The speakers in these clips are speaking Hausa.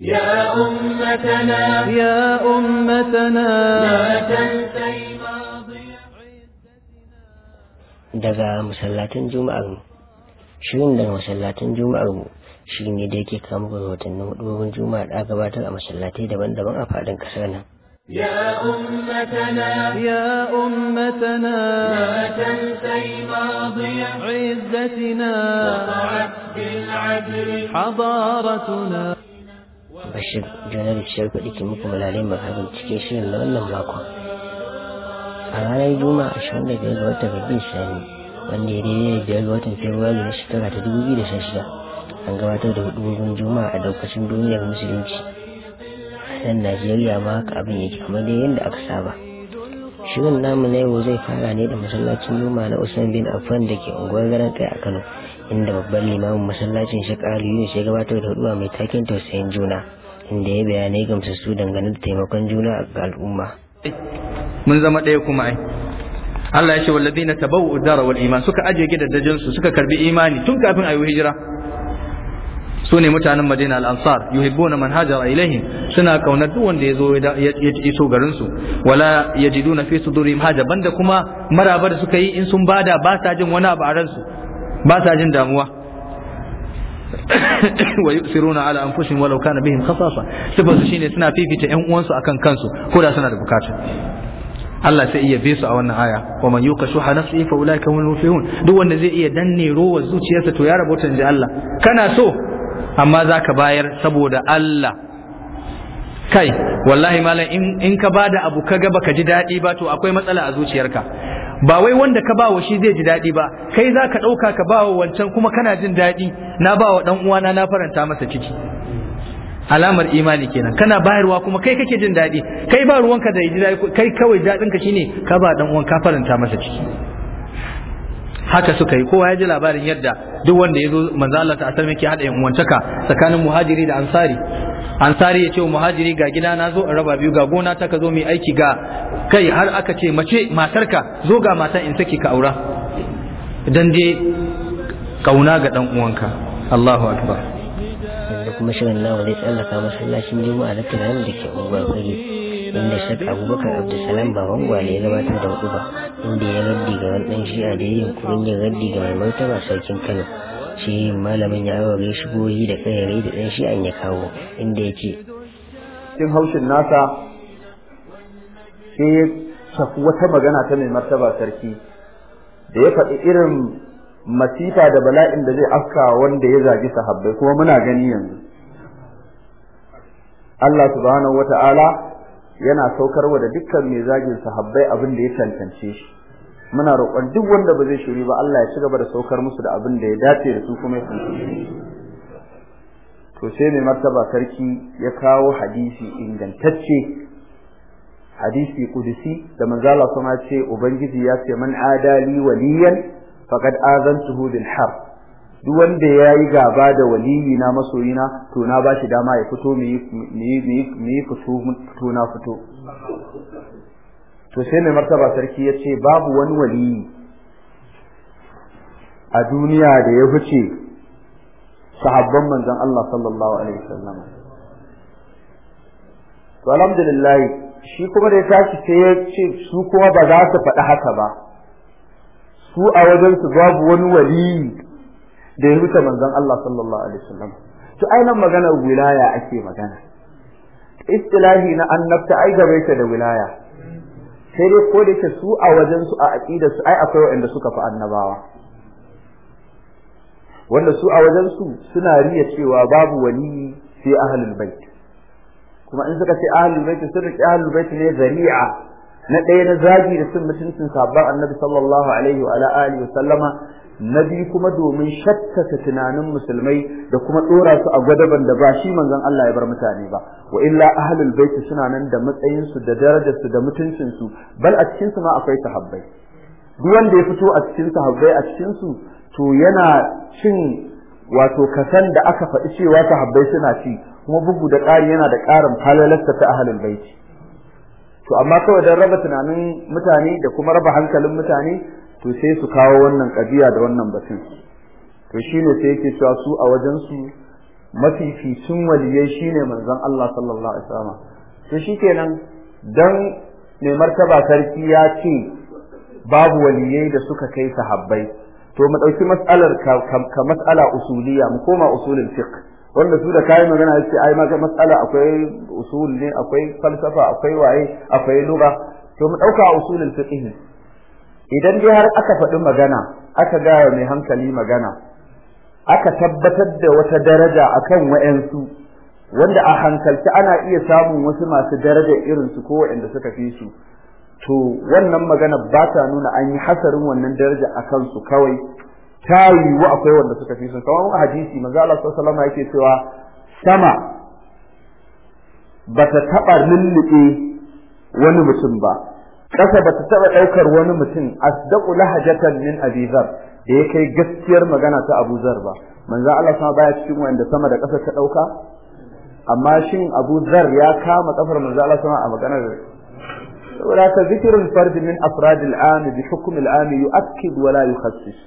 يا أمتنا يا أمتنا لا تنسي ماضي daga masallatan juma'ar mu shirin daga masallatan juma'ar mu shine da yake kama rahotannin hudurorin juma'a da gabatar a masallatai daban-daban a faɗin ƙasar nan Ya يا أمتنا يا أمتنا لا تنسي ماضي عزتنا وقعت بالعدل حضارتنا bashir juna da ciyar kuɗi ke muku malalai makabin cikin shirin na wannan makon a ranar juma 25 ga watan rabin shani wanda ya daidai da biyar ga watan februari na shekara ta 2016 an gabatar da hudubobin juma'a a daukacin duniyar musulunci nan najeriya ma haka abin yake kamar dai yadda aka saba shirin namu na yau zai fara ne da masallacin juma na usman bin affan da ke unguwar garin kai a kano inda babban limamin masallacin shekaru yunus ya gabatar da huduwa mai taken tausayin juna inda ya bayanai gamsassu dangane da taimakon juna ga al'umma mun zama ɗaya kuma ai Allah ya ce wallazina na dara wal iman suka aje gidajen su suka karbi imani tun kafin a ayi hijira su ne mutanen Madina al-Ansar yuhibbuna manhajar hajara ilaihim suna kaunar duk wanda yazo ya iso garin su wala yajiduna fi duri haja banda kuma maraba da suka yi in sun bada ba sa jin wani abu a ransu ba sa jin damuwa ويؤثرون على ala ولو كان بهم خصاصه سبب sifar su suna fifita ƴan uwansu akan kansu ko da suna da bukata Allah sai iya bisu a wannan aya wa man yuka shuha nafsi fa ulaika humul mufihun duk wanda zai iya danne ruwa zuciyarsa to ya rabota inji Allah kana so amma zaka bayar saboda Allah kai wallahi malam in, in ka bada abu kaga baka ji daɗi ba to akwai matsala a zuciyarka ba wai wanda ka ba wa shi zai ji daɗi ba kai za ka ɗauka ka ba wa wancan kuma kana jin daɗi na ba wa ɗan uwana na faranta masa ciki alamar imani kenan kana bayarwa kuma kai kake jin daɗi kai ba ruwanka da ji kai kawai daɗinka shine ka ba ɗan uwan ka faranta masa ciki haka suka yi kowa ya ji labarin yadda duk wanda ya zo manzo Allah ta asar yake hada uwantaka tsakanin muhajiri da ansari ansari ya ce wa muhajiri ga gida na zo in raba biyu ga gona ta ka zo mai aiki ga kai har aka ce mace matarka zo ga matan in saki ka aura dan je kauna ga dan uwanka Allahu akbar kuma shirin na zai tsallaka masallacin juma'a da tunanin da ke unguwar inda shak abubakar abdulsalam wangwa ne ya gabatar da hudu ba inda ya raddi ga wani dan shi'a da yin kurin yin raddi ga mai martaba sarkin kano shi malamin ya aure goyi da kayarai da dan an ya kawo inda ya ce cikin haushin nasa sai ya shafi wata magana ta mai martaba sarki da ya faɗi irin masifa da bala'in da zai afka wanda ya zagi sahabbai kuma muna gani yanzu Allah subhanahu Ta'ala. yana saukarwa da dukkan mai zagin sahabbai abin da ya tantance shi muna roƙon duk wanda ba zai shiri ba Allah ya ci gaba da saukar musu da abin da ya dace da su kuma ya to sai mai martaba sarki ya kawo hadisi ingantacce hadisi kudusi da manzala kuma ce ubangiji ya ce man adali waliyan faqad azantuhu bil harb duk wanda ya yi gaba da waliyi na masoyina to na ba shi dama ya fito mu yi fito na fito to sai mai martaba sarki ya ce babu wani waliyi a duniya da ya fice sahabban manzon Allah sallallahu alaihi wasallam to alhamdulillah shi kuma da ya tashi sai ya ce su kuma ba za su faɗi haka ba su a wajen su babu wani waliyi da ya rubuta manzon Allah sallallahu alaihi wasallam to ainihin magana wilaya ake magana istilahi na annabta ai gabe ta da wilaya sai dai ko da yake su a wajen su a aqida su ai akwai wanda suka fi annabawa wanda su a wajen su suna riya cewa babu wali sai ahlul bait kuma in suka ce ahlul bait sun riƙe ahlul bait ne zari'a na ɗaya na zagi da sun mutuncin sabon annabi sallallahu alaihi wa alihi wa sallama na biyu kuma domin shakkata tunanin musulmai da kuma dora su a gwadaban da ba shi manzon Allah ya bar mutane ba wa illa ahlul bait suna nan da matsayin su da darajar su da mutuncin su bal a cikin su ma akwai sahabbai duk wanda ya fito a cikin sahabbai a cikin su to yana cin wato kasan da aka faɗi cewa sahabbai suna ci kuma bugu da ƙari yana da ƙarin falalarsa ta ahlul bait to amma kawai don raba tunanin mutane da kuma raba hankalin mutane to sai su kawo wannan kadiya da wannan batun to shine sai yake cewa su a wajen su mafificin waliyai shine manzon Allah sallallahu alaihi wasallam to shikenan dan nemar martaba sarki ya ce babu waliyyai da suka kai sahabbai to mu dauki mas'alar ka mas'ala usuliya mu koma usulul fiqh wanda su da kayan magana yace ai maka mas'ala akwai usul ne akwai falsafa akwai waye akwai lugha to mu dauka usulul fiqh idan dai har aka faɗi magana aka gaya mai hankali magana aka tabbatar da wata daraja akan wa'ansu wanda a hankalci ana iya samun wasu masu daraja irin su ko wanda suka fi su to wannan magana ba ta nuna an yi hasarin wannan daraja akan su kawai ta wa akwai wanda suka fi su kamar hadisi manzo Allah sallallahu alaihi yake cewa sama bata taɓa lulluɓe wani mutum ba ƙasa ba ta taɓa ɗaukar wani mutum asdaqu lahajatan min abi zar da ya kai gaskiyar magana ta abu zar ba manzo Allah sama baya cikin wanda sama da ƙasa ta ɗauka amma shin abu zar ya kama kafar manzo Allah sama a maganar saboda ka zikirin fardi min afrad al-am bi hukm al-am yu'akkid wa yukhassis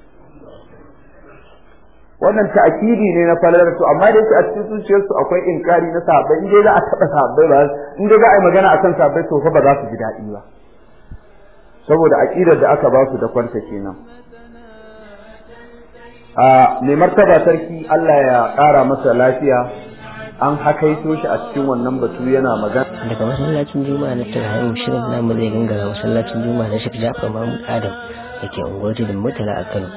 wannan ta'kidi ne na falalar su amma da yake a cikin zuciyar su akwai inkari na sahabbai in dai za a taɓa sahabbai ba in dai za a yi magana akan sahabbai to fa ba za su ji daɗi ba saboda aqidar da aka ba su da kwanta kenan a mai martaba sarki Allah ya ƙara masa lafiya an hakaito shi a cikin wannan batu yana magana daga masallacin juma'a na tarhayyar shirin namu zai gangara masallacin juma'a na shafi jafar mahmud adam da ke unguwar tudun mutala a kano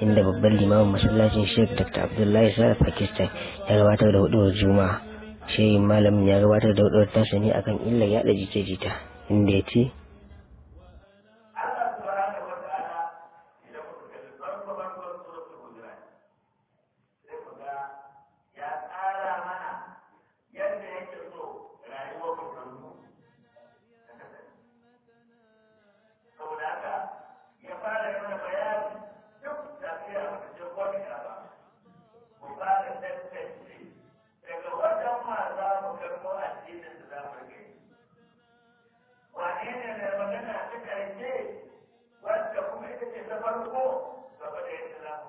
inda babban limamin masallacin sheikh dr abdullahi sa'ad pakistan ya gabatar da huduwar juma'a shehin malamin ya gabatar da huduwar tasa ne akan illar yaɗa jita-jita inda ya ce له سبب اعتلاف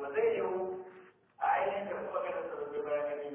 ba zai yiwu a ainihin da kuma ganin sabbin bayanai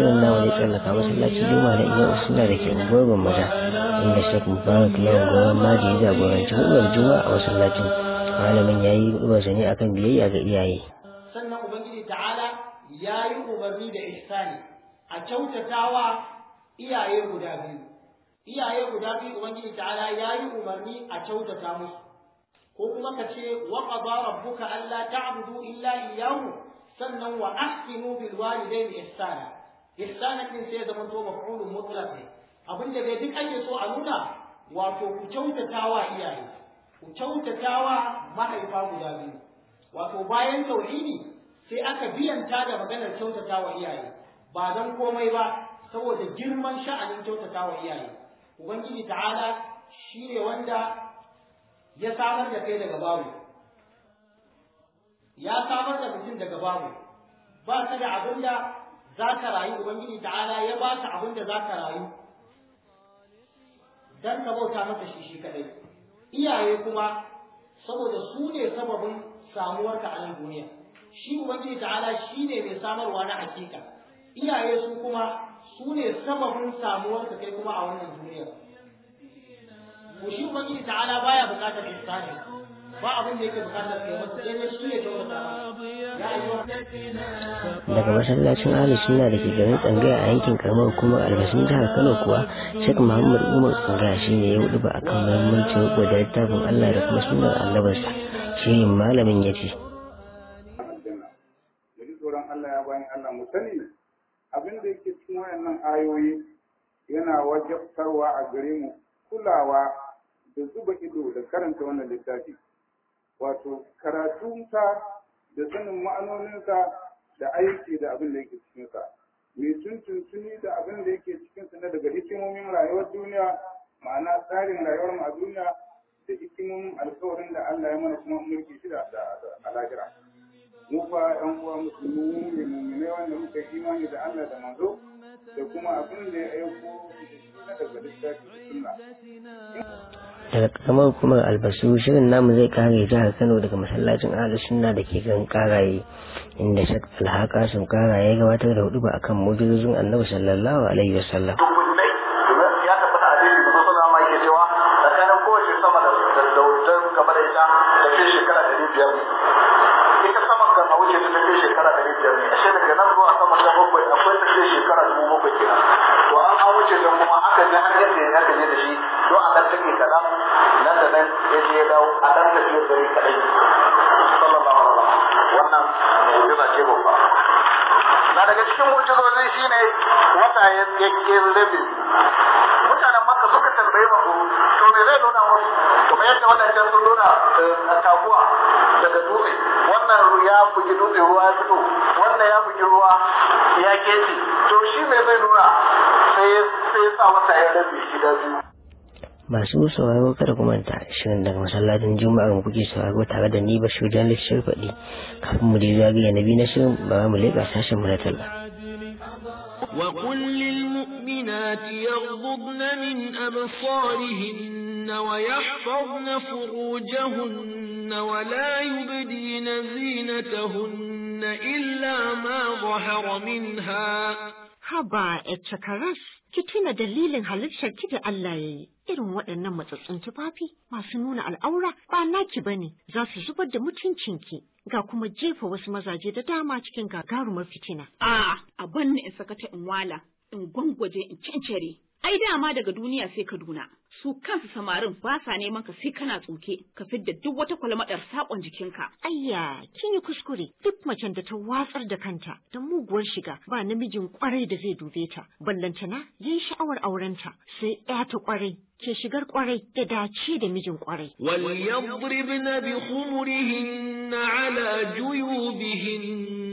shirin namu wani tsallaka masallacin juma'a na iya usuna da ke unguwar maza, inda shek mubarak lawan goron maji ya jagoranci hulwar juma'a a masallacin malamin ya yi ubarsa ne akan biyayya ga iyaye sannan ubangiji ta'ala ya yi umarni da ihsani a kyautatawa iyaye guda biyu iyaye guda biyu ubangiji ta'ala ya yi umarni a kyautata musu ko kuma ka ce wa qada rabbuka alla ta'budu illa iyyahu sannan wa ahsinu bil walidayni ihsana ihsanan din sai zama to maf'ulun mutlaq ne abinda bai duk ake so a nuna wato ku kyautatawa iyaye ku kyautatawa mahaifa guda biyu wato bayan tauhidi sai aka biyanta da maganar kyautatawa iyaye ba dan komai ba saboda girman sha'anin kyautatawa iyaye ubangiji ta'ala shine wanda ya samar da kai daga babu ya samar da mutum daga babu ba su da abin da za ka rayu ubangiji ta'ala ya baka abin da za ka rayu dan ka bauta masa shi shi kadai iyaye kuma saboda su ne sababin samuwarka a nan duniya shi ubangiji ta'ala shi ne mai samarwa na hakika iyaye su kuma su ne sababin samuwarka kai kuma a wannan duniya to shi ubangiji ta'ala baya bukatar ihsani daga masallacin ahli sunna da ke garin tsangaya a yankin karamar kuma albashin jihar kano kuwa shek muhammad umar tsangaya shi ne ya wuɗu ba akan muhimmancin riko da littafin allah da kuma sunan annabarsa shi malamin ya ce ya bayan Allah abin da yake cikin wayannan ayoyi yana wajabtarwa a gare kulawa da zuba ido da karanta wannan littafi wato karatunsa da sanin ma'anoninsa da aiki da abin da yake cikinsa mai tuntuntuni da abin da yake cikinsa na daga hikimomin rayuwar duniya ma'ana tsarin rayuwar mu a duniya da hikimomin alkawarin da Allah ya mana kuma mulki shi da alakira mu fa ɗan uwa musulmi ne mu ne wanda muka imani da Allah da manzo da kuma abin daga karamar hukumar albasu shirin namu zai kare jihar kano daga masallacin sunna da ke kan karaye inda shak alhaka sun karaye gabatar da hudu ba akan mujizozin annabi sallallahu alaihi wasallam dawo a ɗan tafiyar kaɗai wannan mu'jiza ce babba na daga cikin mu'jizozi shine wata yake rabi mutanen suka to me zai nuna musu kuma yadda sun nuna eh, taguwa daga dutse wannan ya bugi dutse ruwa ya fito wannan ya bugi ruwa ya to shi me zai nuna sai sa wata ya rabi shi da biyu masu sauraro kada ku manta shirin daga masallacin juma'ar mu kuke sauraro tare da ni bashir jan lishir faɗi kafin mu je na nabi na shirin ba mu leƙa sashen mu na talla وقل للمؤمنات يغضضن من أبصارهن ويحفظن فروجهن ولا يبدين زينتهن منهن إلا haba cakaras ki tuna dalilin halittar ki da Allah ya yi irin waɗannan matsatsun tufafi masu nuna al'aura ba naki bane za su zubar da mutuncin ki, ga kuma jefa wasu mazaje da dama cikin gagarumar fitina a abin ne in sakata in wala in gwangwaje in cancare ai dama daga duniya sai ka Kaduna su kansu samarin ba sa neman ka sai kana tsoke ka fidda duk wata kwalmadar sakon jikinka ayya kin yi kuskure duk macen da ta watsar da kanta da muguwar shiga ba namijin kwarai da zai dube ta na yi sha'awar aurenta sai ya ta kwarai ke shigar kwarai da dace da mijin kwarai wal yadribna bi khumurihin ala juyubihin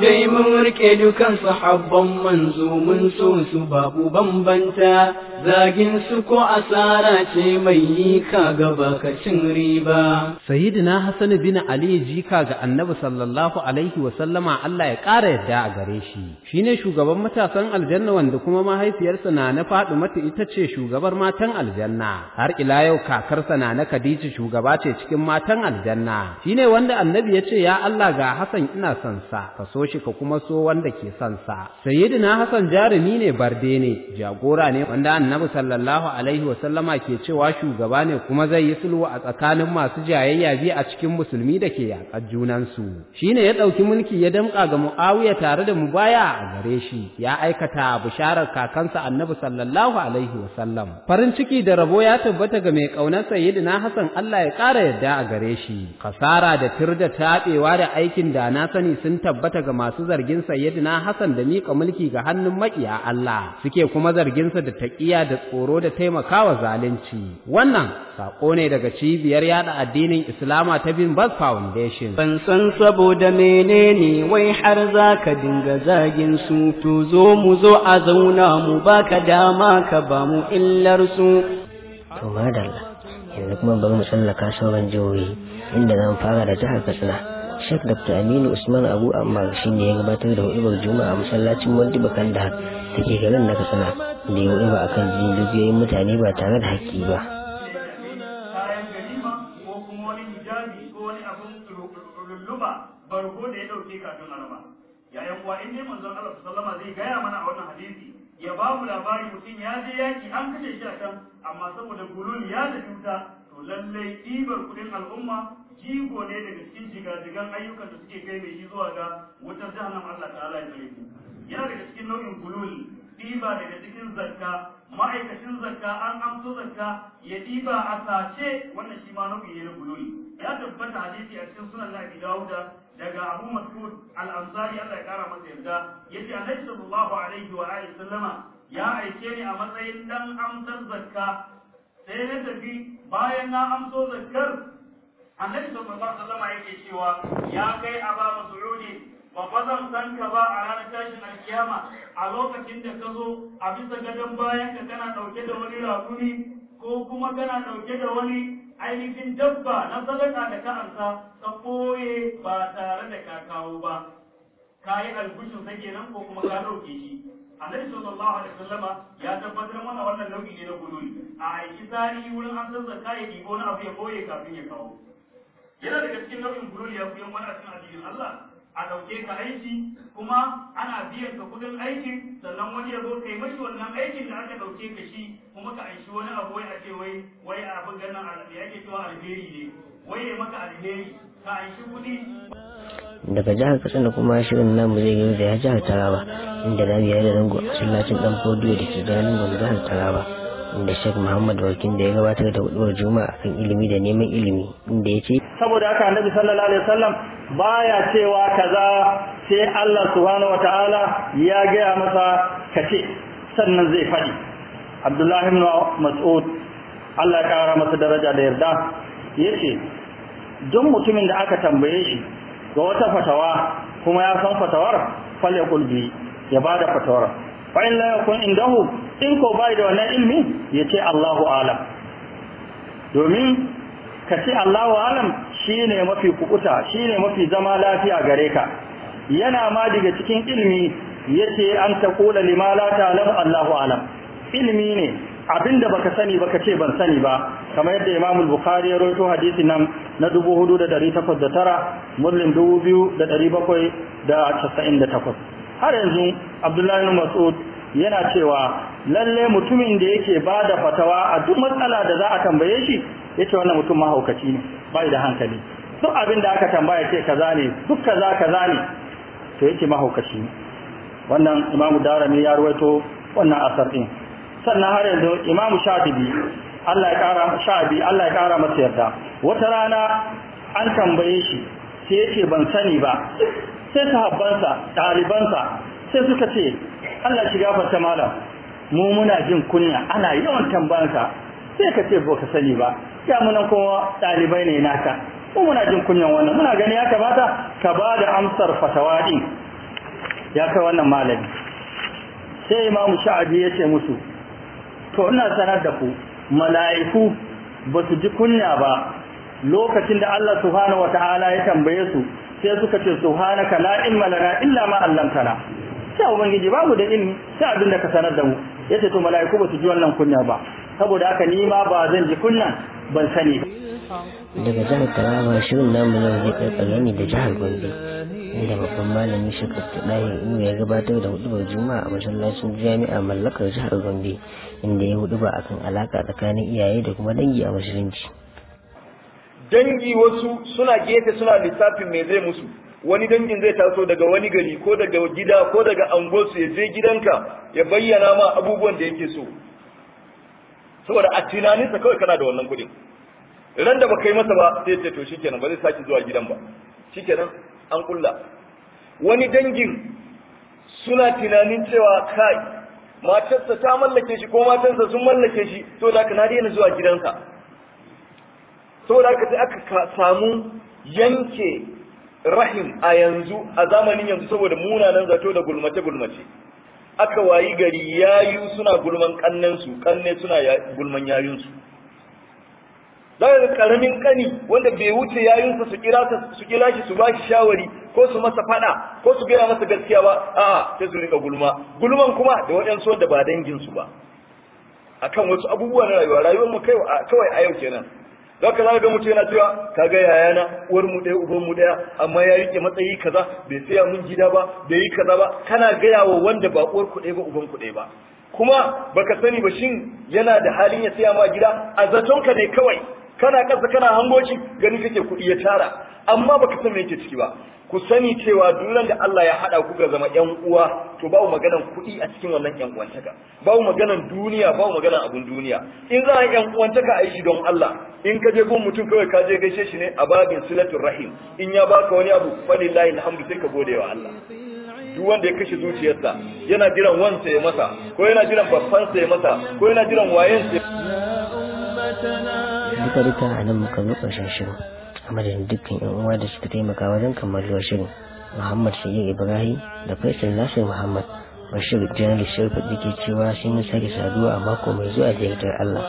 Dai mun rike dukan sahabban manzo mun so su babu bambanta zagin su ko asara ce mai yi ka gaba ka cin riba. Sayyidina Hassan bin Ali jika ga Annabi sallallahu alaihi wa sallama Allah ya ƙara yadda a gare shi. Shine shugaban matasan aljanna wanda kuma mahaifiyarsa na na mata ita ce shugabar matan aljanna. Har ila yau kakarsa na na Khadija shugaba ce cikin matan aljanna. Shine wanda Annabi ya ce ya Allah ga Hassan ina son sa. Kasoshi, ka so shi ka kuma so wanda ke son sa sayyidina Hassan jarumi ne barde ne jagora ne wanda annabi sallallahu alaihi wa sallama ke cewa shugaba ne kuma zai yi sulhu a tsakanin masu jayayya biyu a cikin musulmi da ke yaƙar junansu shine ya ɗauki mulki ya damƙa ga Muawiya tare da mubaya a gare shi ya aikata bisharar kakansa annabi sallallahu alaihi wa sallam farin ciki da rabo ya tabbata ga mai ƙaunar sayyidina Hassan Allah ya kara yarda a gare shi kasara da tirda taɓewa da aikin da na sani sun tabbata tabbata ga masu zargin sayyidina Hassan da miƙa mulki ga hannun maƙiya Allah suke kuma zarginsa da taƙiya da tsoro da taimakawa zalunci wannan sako ne daga cibiyar yada addinin Islama ta Bin Bas Foundation ban san saboda menene wai har zaka dinga zagin su to zo mu zo a zauna mu baka dama ka ba mu illar su to madalla yanzu kuma bari mu sallaka sauran jihohi inda zan fara da jihar Katsina Sheikh Dr. Aminu Usman Abu Ammar shine ya gabatar da hudubar Juma'a a masallacin Modibo Kandahar da ke garin na Katsina da ya huduba akan jinin dukiyoyin mutane ba tare da haƙƙi ba. barko da ya dauke kafin araba yayin kuwa in ne manzon Allah sallama zai gaya mana a wannan hadisi ya ba mu labari mutum ya je yaki an kashe shi a can amma saboda gulul ya da cuta lallai ɗibar kuɗin al'umma jigo ne daga cikin jigajigan ayyukan da suke kai mai zuwa ga wutar jahannam Allah ta'ala ya mu yana daga cikin nau'in gulul ɗiba daga cikin zakka ma'aikacin zakka an amso zakka ya ɗiba a sace wannan shi ma nau'i ne na gululi ya tabbata hadisi a cikin sunan Abi Dawuda daga Abu Mas'ud al-Ansari Allah ya kara masa yarda yace Annabi sallallahu alaihi wa alihi sallama ya aike ni a matsayin dan amsar zakka sai ya tafi bayan na amso zakkar annabi sallallahu alaihi wasallam yake cewa ya kai aba mas'udi ba bazan san ka ba a ranar tashin alkiyama a lokacin da ka zo a bisa gadon bayan ka kana dauke da wani rakuni ko kuma kana dauke da wani ainihin dabba na sadaka da ka ansa ka koye ba tare da ka kawo ba ka yi albushin sa kenan ko kuma ka dauke shi annabi sallallahu alaihi wasallama ya tabbatar mana wannan nau'i ne na gudun a aiki tarihi wurin an san zakka ya dibo na abu ya boye kafin ya kawo yana daga cikin nau'in gudun ya kuyan wani a cikin addinin Allah a dauke ka aiki kuma ana biyan ka kudin aikin sannan wani ya zo kai mashi wannan aikin da aka dauke ka shi kuma ka aiki wani abu wai a ce wai wai abin ganin alheri yake cewa alheri ne wai ya maka alheri daga jihar katsina kuma shirin namu zai yi da ya jihar taraba inda na biya da rango a masallacin dan fodiyo da ke ganin gwamnati jihar taraba inda shek muhammad wakin da ya gabatar da huduwar juma'a kan ilimi da neman ilimi inda ya ce saboda haka annabi sallallahu alaihi wasallam baya cewa kaza sai allah subhanahu wataala ya gaya masa kace sannan zai faɗi abdullahi ibn mas'ud allah ya kara masa daraja da yarda ya ce. duk mutumin da aka tambaye shi ga wata fatawa kuma ya san fatawar falle kulbi ya bada da fatawar in la yakun indahu in ko bai da wannan ilmi ya ce Allahu alam domin ka ce Allahu alam shine mafi kukuta shine mafi zama lafiya gare ka yana ma daga cikin ilmi yace an taqula lima la ta'lam Allahu alam ilmi ne abinda baka sani baka ce ban sani ba kamar yadda Imam Bukhari ya rawaito hadisi nan na 4,809 muslim 2,798 har yanzu abdullahi mas'ud yana cewa lalle mutumin da yake ba da fatawa a duk matsala da za a tambaye shi yace wannan mutum mahaukaci ne bai da hankali duk abin da aka tambaya ce kaza ne duk kaza kaza ne to yake mahaukaci ne wannan imamu darami ya ruwaito wannan asar din sannan har yanzu imamu shatibi Allah ya kara sha'abi Allah ya kara masa yarda wata rana an tambaye shi sai yace ban sani ba sai sahabbansa ɗalibansa sai suka ce Allah shiga fata malam mu muna jin kunya ana yawan tambansa sai ka ce ka sani ba ya muna kuma ɗalibai ne naka mu muna jin kunyan wannan muna gani ya kamata ka ba da amsar fatawadi ya kai wannan malami sai imamu sha'abi ya ce musu to ina sanar da ku mala'iku ba su ji kunya ba lokacin da Allah subhanahu wataala ya tambaye su sai suka ce subhanaka la ilma lana illa ma 'allamtana sai ubangiji babu da ilmi sai abin da ka sanar da mu yace to mala'iku ba su ji wannan kunya ba saboda haka ni ma ba zan ji kunya ban sani daga jihar Taraba shirin namu zai karkare ne da jihar Gombe da babban malami shekar tuɗayin inu ya gabatar da hudubar juma'a a masallacin jami'a mallakar jihar gombe inda ya hudu ba a kan alaka tsakanin iyaye da kuma dangi a musulunci dangi wasu suna gefe suna lissafin mai zai musu wani dangin zai taso daga wani gari ko daga gida ko daga angosu ya je gidanka ya bayyana ma abubuwan da yake so saboda a tunaninsa kawai kana da wannan kuɗin ran da ba kai masa ba sai ce to shikenan ba zai sake zuwa gidan ba shikenan an kulla wani dangin suna tunanin cewa kai matarsa ta mallake shi ko matarsa sun mallake shi to da ka na daina zuwa gidansa da haka sai aka samu yanke rahim a yanzu a zamanin yanzu saboda munanan zato da gulmace gulmace aka wayi gari yayu suna gulman kannansu kanne suna gulman yayunsu za karamin kani wanda bai wuce yayin su kira su kira shi su bashi shawari ko su masa fada ko su gaya masa gaskiya ba a'a sai su rika gulma gulman kuma da waɗansu da ba dangin su ba akan wasu abubuwa na rayuwa rayuwar mu kai kawai a yau kenan zaka za ga mutum na cewa kaga yayana uwar mu ɗaya uban mu ɗaya amma ya rike matsayi kaza bai tsaya mun gida ba bai yi kaza ba kana gaya wa wanda ba uwar ku ɗaya ba uban ku ɗaya ba kuma baka sani ba shin yana da halin ya tsaya ma gida a zaton ka ne kawai kana ƙasa kana hango shi gani kake kuɗi ya tara amma baka san me yake ciki ba ku sani cewa duran da Allah ya hada ku ga zama ƴan uwa to babu maganan kuɗi a cikin wannan ƴan uwantaka babu maganan duniya babu maganan abun duniya in za a ƴan uwantaka a yi shi don Allah in ka je gun mutum kawai ka je gaishe shi ne a babin silatul rahim in ya baka wani abu lillahi alhamdu sai ka gode wa Allah duk wanda ya kashe zuciyarsa yana jiran wansa ya masa ko yana jiran babban sa ya masa ko yana jiran wayensa duka duka a nan muka zo ƙarshen shirin a madadin dukkan yan uwa da suka taimaka wajen kammaluwar shirin muhammad sayyid ibrahim da faisal nasir muhammad bashir janar shirfa ke cewa sun yi sake saduwa a mako mai zuwa da yardar allah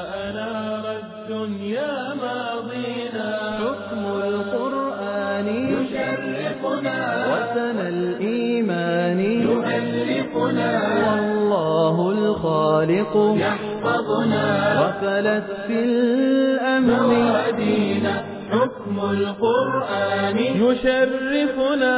وسن الإيمان يهلقنا والله الخالق يحب يحفظنا وصلت في الأمن موادينا حكم القرآن يشرفنا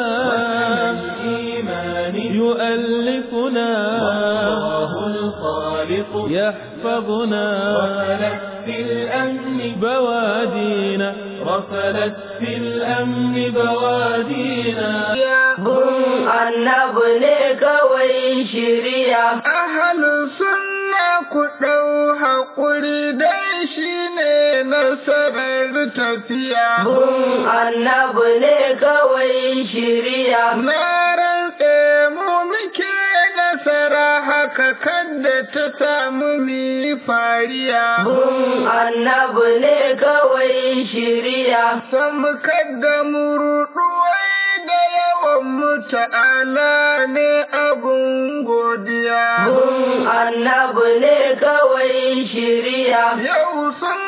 الإيمان يؤلفنا والله الخالق يحفظنا غفلت في الأمن بوادينا رسلت في الأمن بوادينا هم النبل كوي شريعة أهل سنة ku ɗau haƙuri dan shi ne nasarar tafiya. Mun annabu ne kawai shirya. Na rantse mu muke nasara haka kadda ta samu mi fariya. Mun annabu ne kawai shirya. Sam kadda mu muta ala ne abun godiya. Mun annabi ne kawai shiriya. Yau sun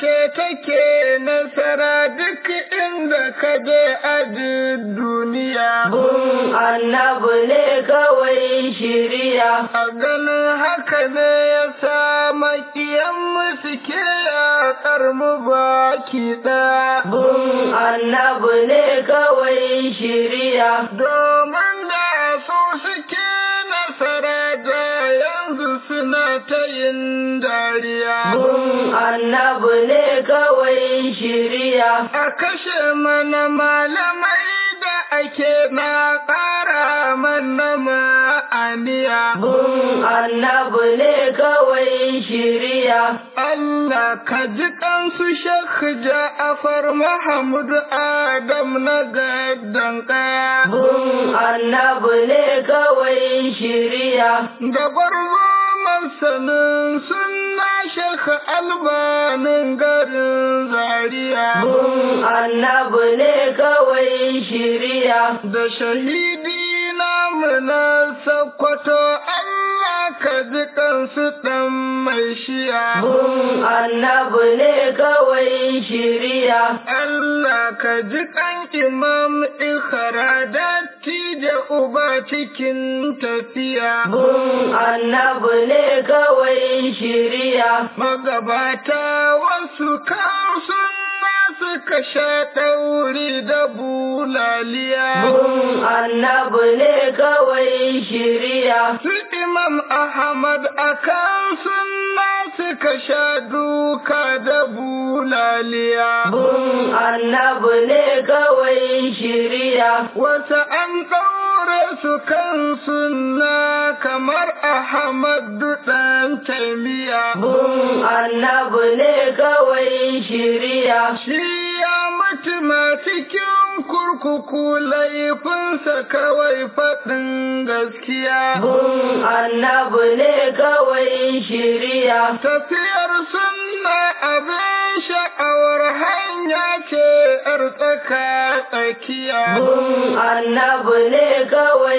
ce take nasara duk inda ka je a duniya. Bun annabu ne kawai shiriya. A ganin haka ne ya sa makiyan suke yaƙar mu baki ɗaya. Bun annabu ne kawai shiriya. Domin da su suke nasara. na ta yin dariya. Mun annabi ne kawai shirya. A kashe mana malamai da ake na ƙara mana ma'aniya. Mun annabi ne kawai shirya. Allah ka ji ja a Ja'far Muhammad Adam na gaddan ƙaya. Mun annabi ne kawai shiriya. Gabar masanin sunna shekh albanin garin zaria bun annabi ne kawai shiriya da shahidi mana sakwato Allah ka ji kansu ɗan mai shiya. Mun annabu ne kawai shiriya. Allah ka ji kan imam ikhara da uba cikin tafiya. Mun annabu ne kawai shiriya. Magabata wasu kan suka sha ɗauri da bulaliya. Mun annabi ne kawai shirya. Su Imam Ahmad a kan sunna suka sha duka da bulaliya. Mun annabi ne kawai shirya. Wasu an ɗauri su kan sunna kamar Ahmad ɗan taimiya. Bun annabu ne kawai shirya. A mutu ma cikin kurkuku laifinsa kawai faɗin gaskiya. Bun annabi ne kawai shiriya. Tafiyar sunna abin sha'awar hanya ce ‘yar tsaka tsakiya. Gun annabi ne kawai